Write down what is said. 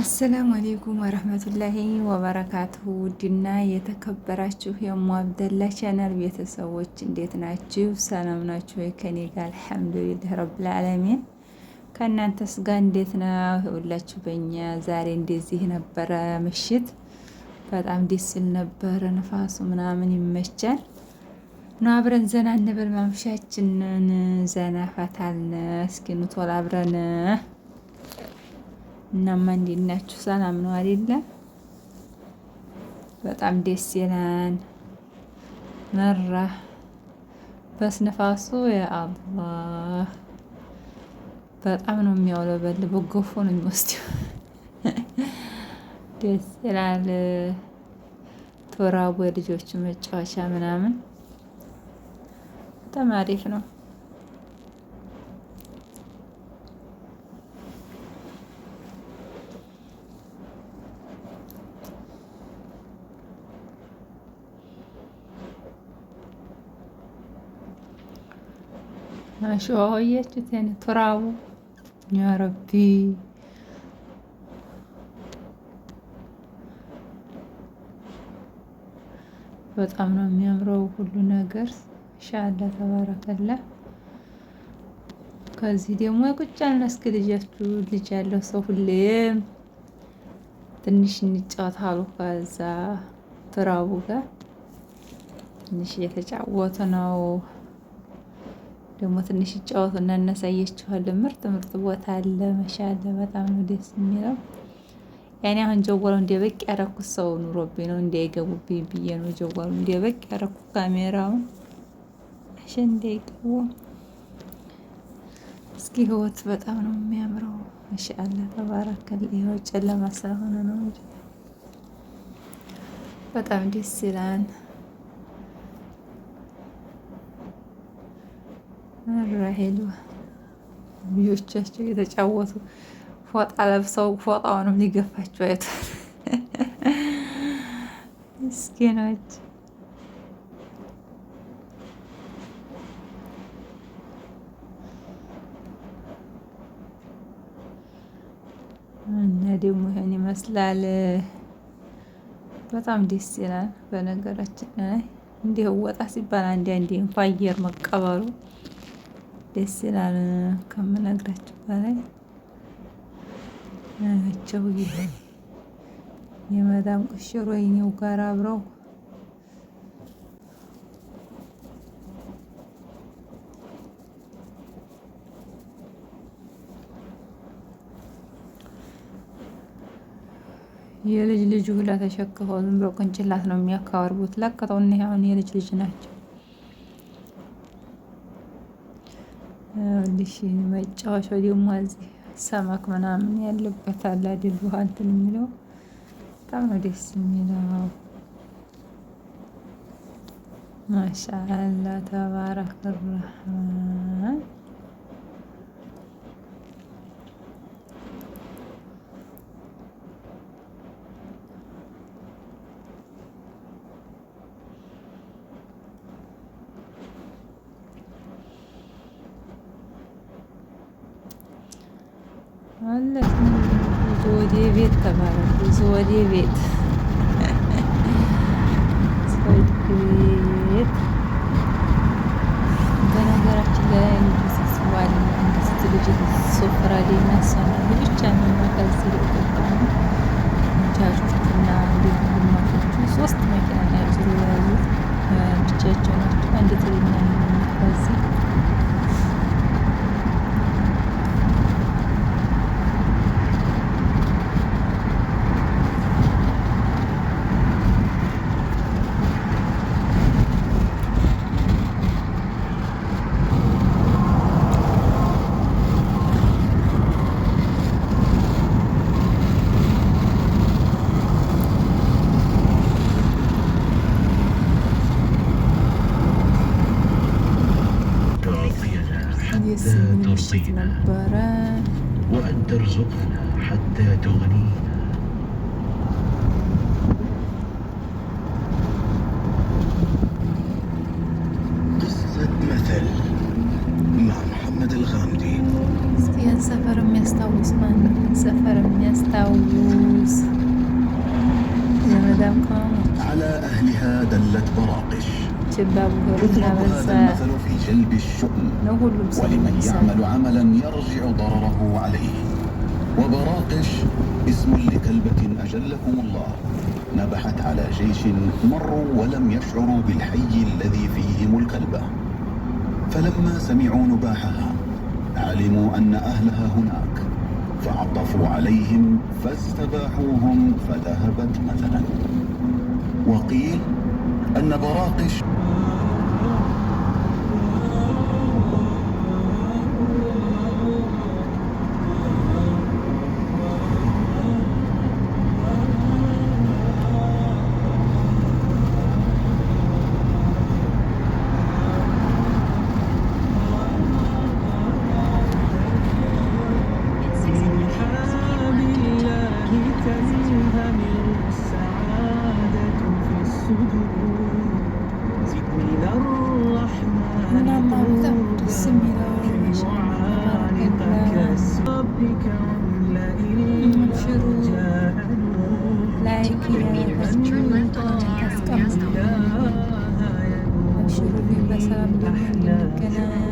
አሰላሙ አሌይኩም ወረህመቱላሂ ወበረካቱሁ። ውድና የተከበራችሁ የሞ አብደላ ቻናል ቤተሰቦች እንዴት ናችሁ? ሰላም ናችሁ ወይ? ከኔ ጋር አልሐምዱሊላህ ረብል ዓለሚን ከእናንተስ ጋር እንዴት ነው? ሁላችሁ በኛ ዛሬ እንደዚህ ነበረ። ምሽት በጣም ደስ ይል ነበረ። ነፋሱ ምናምን ይመቻል ና አብረን ዘና እንበል። ማምሻችንን ዘና ፈታልን። እስኪ ኑ ቶሎ አብረን እናማ እንዴት ናችሁ? ሰላም ነው አይደለ? በጣም ደስ ይላል። መራ በስነፋሱ የአላህ በጣም ነው የሚያውለው በጎፎ ነው የሚወስደው። ደስ ይላል። ተራቡ የልጆቹ መጫወቻ ምናምን በጣም አሪፍ ነው። አሸዋወያችሁት ያኔ ቱራቡ ያ ረቢ በጣም ነው የሚያምረው ሁሉ ነገር ሻላ ተባረከላ። ከዚህ ደግሞ ቁጭ አልን እስኪ ልጃችሁ ልጅ ያለው ሰው ሁሌም ትንሽ እንጫወት ከዛ ትራቡ ጋር ትንሽ እየተጫወቱ ነው። ደግሞ ትንሽ ይጫወቱ እና እናሳያችኋለን። ምርጥ ምርጥ ቦታ አለ፣ መሻለ በጣም ነው ደስ የሚለው። ያኔ አሁን ጀጓሉ እንዲበቅ ያረኩ ሰው ኑሮብኝ ነው እንዳይገቡብኝ ብዬ ነው ጀጓሉ በቅ ያረኩ ካሜራውን እሺ፣ እንዳይገቡ እስኪ። ህይወት በጣም ነው የሚያምረው። መሻለ ተባረከል። ይኸው ጨለማ ስለሆነ ነው እንጂ በጣም ደስ ይላል። መራ ሄዱ። ልጆቻቸው እየተጫወቱ ፎጣ ለብሰው ፎጣውንም ሊገፋቸው አይቷል። ምስኪኖች እና ደግሞ ይሄን ይመስላል። በጣም ደስ ይላል። በነገራችን ላይ እንዲህ ወጣ ሲባል አንዴ አንዴ እንኳ አየር መቀበሉ ደስ ይላል ከምነግራችሁ በላይ ናቸው። ይሄ የመዳም ቁሽሮ የኔው ጋር አብረው የልጅ ልጁ ሁላ ተሸክፈው ዝም ብሎ ቅንጭላት ነው የሚያካወርቡት። ለቀጠው እና አሁን የልጅ ልጅ ናቸው። ይኸውልሽ መጫወቻው ደግሞ እዚህ ሰማክ ምናምን ያለበት አለ አይደል? ውሃ እንትን የሚለው በጣም ነው ደስ የሚለው። ማሻአላ ተባረክ ረህማን አለ ወደ ቤት ተባለ ወደ ቤት ቤት በነገራችን ላይ እንዲስስባል ስት ልጅ ሶፍራ ሌና ሳና ብቻ የሚመቀዝ ልጅ እና እንዲሁም ግማሾቹ ሶስት መኪና ያለ أن ترضينا وأن ترزقنا حتى تغنينا قصة مثل مع محمد الغامدي Sean سفر ميستاوس مان سفر ميستاوس يا مدام قامت على أهلها دلت مراقش في جلب الشؤم ولمن يعمل عملا يرجع ضرره عليه وبراقش اسم لكلبة أجلكم الله نبحت على جيش مروا ولم يشعروا بالحي الذي فيهم الكلبة فلما سمعوا نباحها علموا أن أهلها هناك فعطفوا عليهم فاستباحوهم فذهبت مثلا وقيل أن براقش كلام